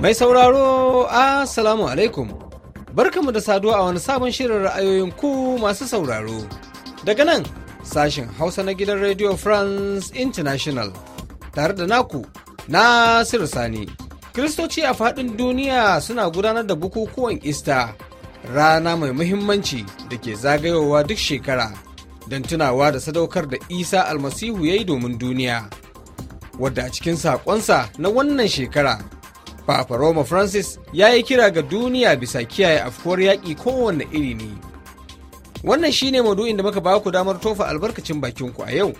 Mai sauraro, Assalamu alaikum. Barkamu da saduwa a wani sabon shirin ra'ayoyin ku masu sauraro. Daga nan, sashen Hausa na gidan Radio France International, tare da naku, Nasiru Sani. Kiristoci a faɗin duniya suna gudanar da bukukuwan Ista, rana mai muhimmanci da ke zagayowa duk shekara, don tunawa da sadaukar da Isa almasihu ya yi domin duniya. wadda a cikin saƙonsa na wannan shekara Papa Roma Francis ya yi kira ga duniya bisa kiyaye afkuwar yaƙi kowanne iri ne. Wannan shine ne da muka ba ku damar tofa albarkacin bakinku a yau.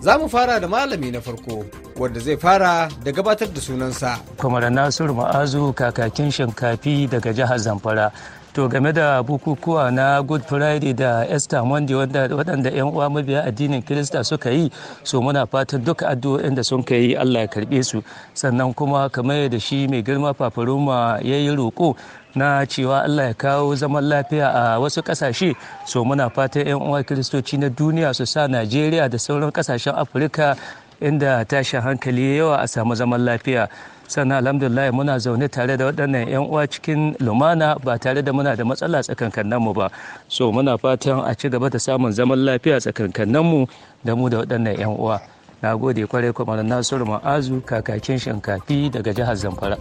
Za mu fara da malami na farko wadda zai fara da gabatar da sunansa. da Nasiru Ma'azu kakakin shinkafi daga jihar Zamfara. to game da bukukuwa na good friday da easter monday waɗanda 'yan uwa mabiya addinin kirista suka yi so muna fatan duka addu'o'in da sun yi allah ya karɓe su sannan kuma kamar yadda shi mai girma fafaroma ya yi roƙo na cewa Allah ya kawo zaman lafiya a wasu kasashe so muna fatan 'yan uwa kiristoci na duniya su sa Najeriya da sauran kasashen Afirka inda tashin hankali yawa a samu zaman lafiya sannan alhamdulillah muna zaune tare da waɗannan 'yan uwa cikin lumana ba tare da muna da matsala tsakankaninmu ba so muna fatan a ci gaba da samun zaman lafiya tsakankaninmu da mu da waɗannan 'yan uwa na gode kwarai kwamar nasiru ma'azu kakakin shinkafi daga jihar zamfara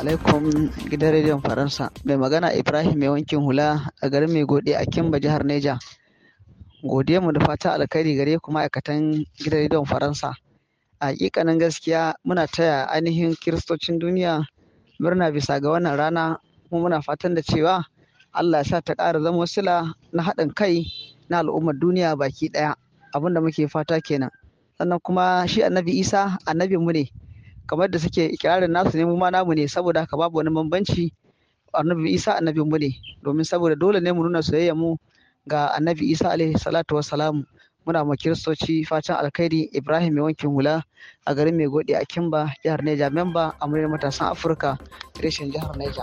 alaikum gidan rediyon faransa mai magana ibrahim mai wankin hula a garin mai gode a kimba jihar neja mu da fatan alkhairi gare ku ma'aikatan gidan rediyon faransa a hakikanin gaskiya muna taya ainihin kiristocin duniya murna bisa ga wannan rana kuma muna fatan da cewa allah ya sa ta ƙara zama sila na haɗin kai na al'ummar duniya baki ɗaya abin da muke fata kenan sannan kuma shi annabi isa annabin mu ne kamar da suke ikirarin nasu ne mu ma namu ne saboda haka babu wani bambanci annabi isa annabin mu ne domin saboda dole ne mu nuna soyayya mu ga annabi isa alaihi salatu salamu, muna ma kiristoci fatan alkhairi ibrahim mai wankin hula a garin mai gode a kimba jihar neja memba a matasan afirka reshen jihar neja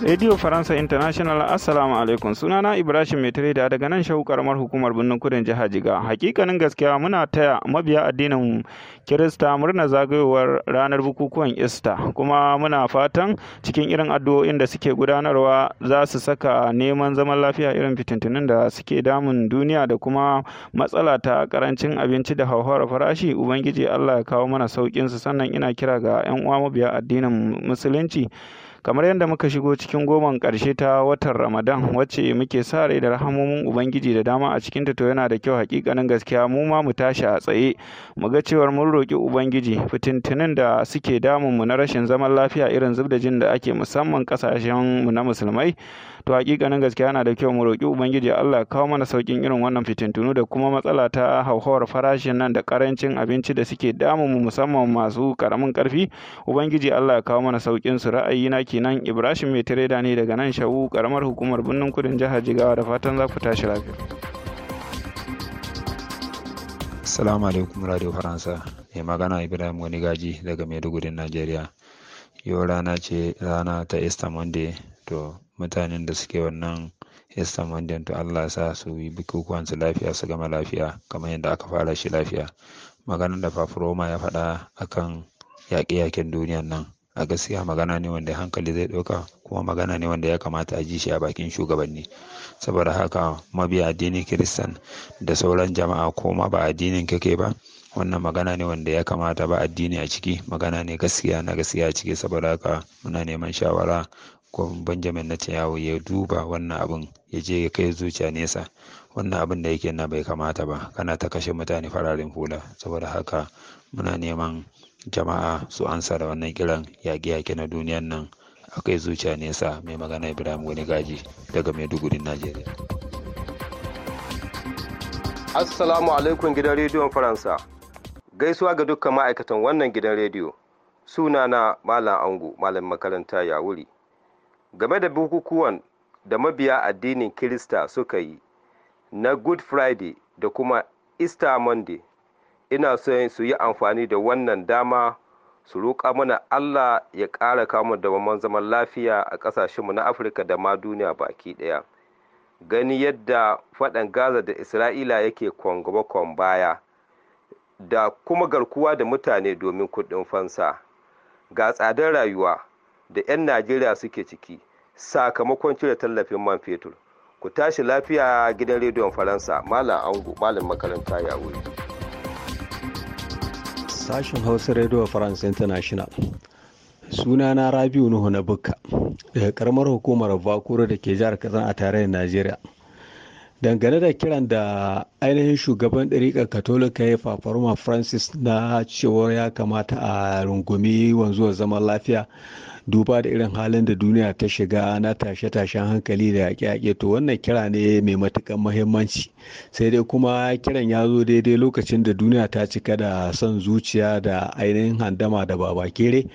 Radio Faransa International Assalamu alaikum sunana Ibrahim da daga nan shau karamar hukumar birnin kudin jihar Jiga. Hakikanin gaskiya muna taya mabiya addinin Kirista murna zagayowar ranar bukukuwan Easter kuma muna fatan cikin irin addu'o'in da suke gudanarwa za su saka neman zaman lafiya irin fitintunin da suke damun duniya da kuma matsala ta karancin abinci da hauhawar farashi Ubangiji Allah ya kawo mana saukin su sannan ina kira ga 'yan uwa mabiya addinin Musulunci kamar yadda muka shigo cikin goman ƙarshe ta watan ramadan wacce muke sa rai da rahamomin ubangiji da dama a cikin ta to yana da kyau hakikanin gaskiya mu ma mu tashi a tsaye mu ga cewar mun roƙi ubangiji fitintunin da suke damun mu na rashin zaman lafiya irin zub da jin da ake musamman ƙasashen mu na musulmai to hakikanin gaskiya yana da kyau mu roƙi ubangiji Allah kawo mana saukin irin wannan fitintunu da kuma matsala ta hauhawar farashin nan da karancin abinci da suke damun mu musamman masu karamin karfi ubangiji Allah kawo mana saukin su ra'ayi na kenan ibrahim mai tireda ne daga nan shawu karamar hukumar birnin kudin jihar jigawa da fatan za ku tashi lafiya assalamu alaikum radio faransa mai magana ibrahim wani gaji daga maiduguri najeriya yau rana ce rana ta easter monday to mutanen da suke wannan easter monday to allah sa su yi bukukuwan su lafiya su gama lafiya kamar yadda aka fara shi lafiya maganar da fafuroma ya faɗa akan yaƙe-yaƙen duniyan nan a gaskiya magana ne wanda hankali zai ɗauka kuma magana ne wanda ya kamata a ji shi a bakin shugabanni saboda haka mabiya addinin kiristan da sauran jama'a ko ma ba addinin kake ba wannan magana ne wanda ya kamata ba addini a ciki magana ne gaskiya na gaskiya a ciki saboda haka muna neman shawara ko benjamin na yawo ya duba wannan abin ya je ya kai zuciya nesa wannan abin da yake nan bai kamata ba kana ta kashe mutane fararen hula saboda haka muna neman jama'a su ansa da wannan kiran yaƙe-yaƙe na duniyan nan a kai zuciya nesa mai magana ibrahim wani gaji daga maiduguri najeriya assalamu alaikum gidan rediyon faransa gaisuwa ga dukkan ma'aikatan wannan gidan rediyo suna na malam angu malam makaranta ya wuri game da bukukuwan da mabiya addinin kirista suka yi na good friday da kuma easter monday ina son su yi amfani da wannan dama su roƙa mana Allah ya ƙara kamun da mamman zaman lafiya a mu na Afirka da ma duniya baki ɗaya. Gani yadda faɗan Gaza da Isra'ila yake kwangaba baya da kuma garkuwa da mutane domin kuɗin fansa. Ga tsadar rayuwa da 'yan Najeriya suke ciki sakamakon cire tallafin man fetur. Ku tashi lafiya gidan rediyon Faransa, Malam Ango, Malam makaranta ya wuri. Sashen Hausa Radio France International. Sunana Rabiu Nuhu na Bukka, daga karamar hukumar Bakuro da ke jihar kazan a tarayyar Najeriya. Dangane da kiran da ainihin shugaban ɗariƙar Katolika ya fafaruma Francis na cewar ya kamata a rungumi wanzuwar zaman lafiya duba da irin halin da duniya ta shiga na tashe-tashen hankali da yaƙe-yaƙe to wannan kira ne mai matukan mahimmanci sai dai kuma kiran ya zo daidai lokacin da duniya ta cika da son zuciya da ainihin handama da babakere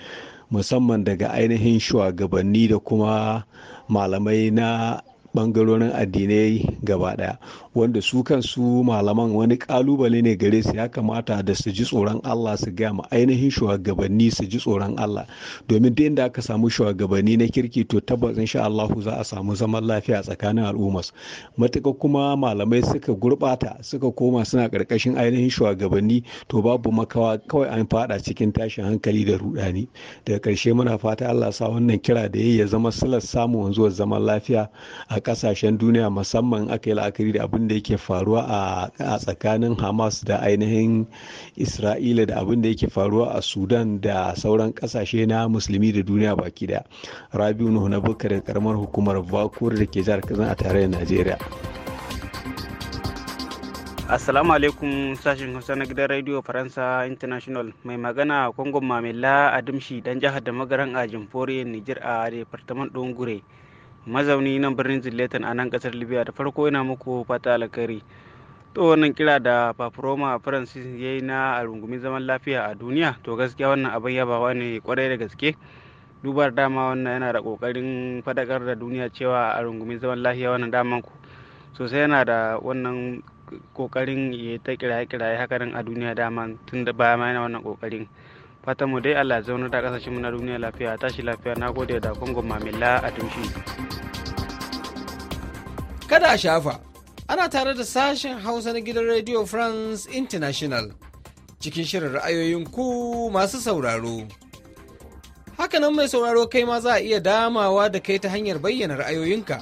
musamman daga ainihin shugabanni da kuma malamai na ɓangarorin addinai gaba ɗaya wanda su kansu malaman wani kalubale ne gare su ya kamata da su ji tsoron Allah su gaya ma ainihin shugabanni su ji tsoron Allah domin duk inda aka samu shugabanni na kirki to tabbas insha allahu za a samu zaman lafiya tsakanin al'ummas matuƙa kuma malamai suka gurɓata suka koma suna ƙarƙashin ainihin shugabanni to babu makawa kawai an faɗa cikin tashin hankali da rudani daga ƙarshe muna fata Allah sa wannan kira da yayi ya zama silar samun wanzuwar zaman lafiya a kasashen duniya musamman aka yi la'akari da abin da yake faruwa a tsakanin hamas da ainihin isra'ila da abin da yake faruwa a sudan da sauran kasashe na musulmi da duniya baki da rabiu nuhu na bukar karamar hukumar bakur da ke jihar kazan a tarayyar najeriya Assalamu alaikum sashen Hausa na gidan Radio Faransa International mai magana Kongon Mamela Adamshi dan jihar da magaran a Jamforiyar niger a Departement ɗin Gure. mazauni nan birnin zillatan a nan kasar libya da farko yana muku fata alkhairi to wannan kira da paproma francis ya yi na a rungumin zaman lafiya a duniya to gaskiya wannan abin ba wani kwarai da gaske dubar dama wannan yana da kokarin fadakar da duniya cewa a rungumin zaman lafiya wannan daman ku sosai yana da wannan kokarin ya ta kiraye-kiraye hakanan a duniya dama tun da baya ma yana wannan kokarin fata mu dai Allah zaunar da kasashen mu na duniya lafiya tashi lafiya na gode da kongo mamila a tumshi kada a shafa ana tare da sashen hausa na gidan radio france international cikin shirin ra'ayoyin ku masu sauraro hakanan mai sauraro kai ma za a iya damawa da kai ta hanyar bayyana ra'ayoyinka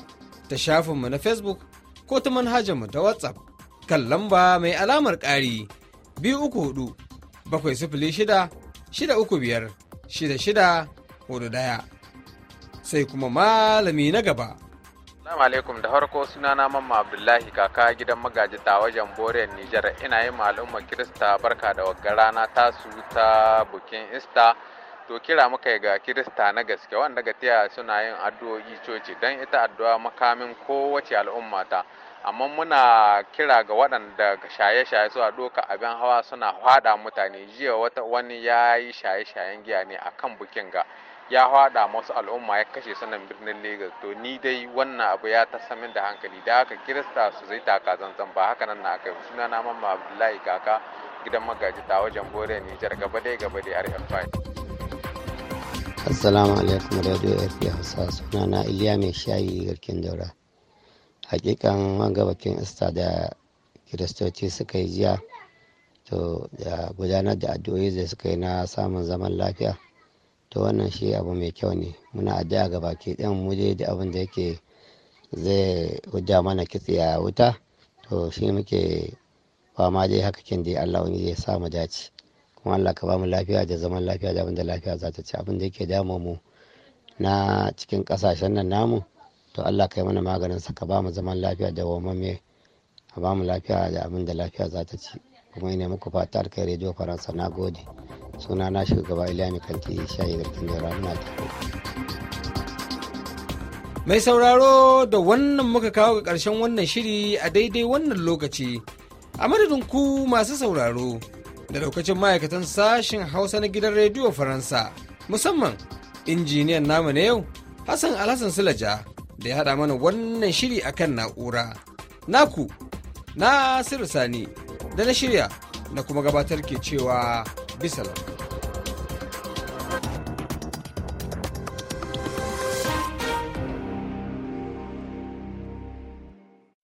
ta shafinmu na facebook ko ta manhajar mu ta whatsapp kan lamba mai alamar ƙari biyu uku hudu bakwai sifili shida 635 Daya sai kuma malami na gaba. Assalamu alaikum da harko sunana Mamma Abdullahi kaka gidan magaji ta wajen boren Nijar ina yi al'umma Kirista barka da wagga ta su ta bukin Ista to kira muka ga Kirista na gaske wanda ga taya suna yin addu'o'i coci don ita addu'a makamin kowace al'umma ta. amma muna kira ga waɗanda shaye-shaye zuwa doka abin hawa suna hwada mutane jiya wata wani ya yi shaye-shayen giya ne a kan bukin ga ya hwada masu al'umma ya kashe sanan birnin legas to ni dai wannan abu ya ta samin da hankali da haka kirista su zai taka zanzan ba haka nan na aka yi suna na mamma abdullahi kaka gidan magaji ta wajen bore nijar gaba dai gaba dai fai assalamu alaikum radio fb hausa suna na iliya mai shayi garkin daura hakikan wanga bakin ista da kiristoci suka yi jiya to da gudanar da addu'o'i da suka yi na samun zaman lafiya to wannan shi abu mai kyau ne muna addu'a ga baki ɗin mu dai da abin da yake zai hujja mana kitse a wuta to shi muke fama dai haka kin dai Allah wani zai sa mu dace kuma Allah ka ba mu lafiya da zaman lafiya da abin da lafiya za ta ci abin da yake damu mu na cikin kasashen nan namu to Allah kai mana maganin sa ka ba mu zaman lafiya da wamame a ba mu lafiya da abin da lafiya za ta ci kuma ina muku fata kai rediyo faransa na gode suna na shugaba mai kanti shayi garkin da ramuna mai sauraro da wannan muka kawo ga karshen wannan shiri a daidai wannan lokaci a madadin ku masu sauraro da lokacin ma'aikatan sashen hausa na gidan rediyo faransa musamman injiniyan namu na yau hassan alhassan sulaja da ya haɗa mana wannan shiri akan na'ura. Naku, na Sani, da na shirya na kuma gabatar ke cewa bisalam.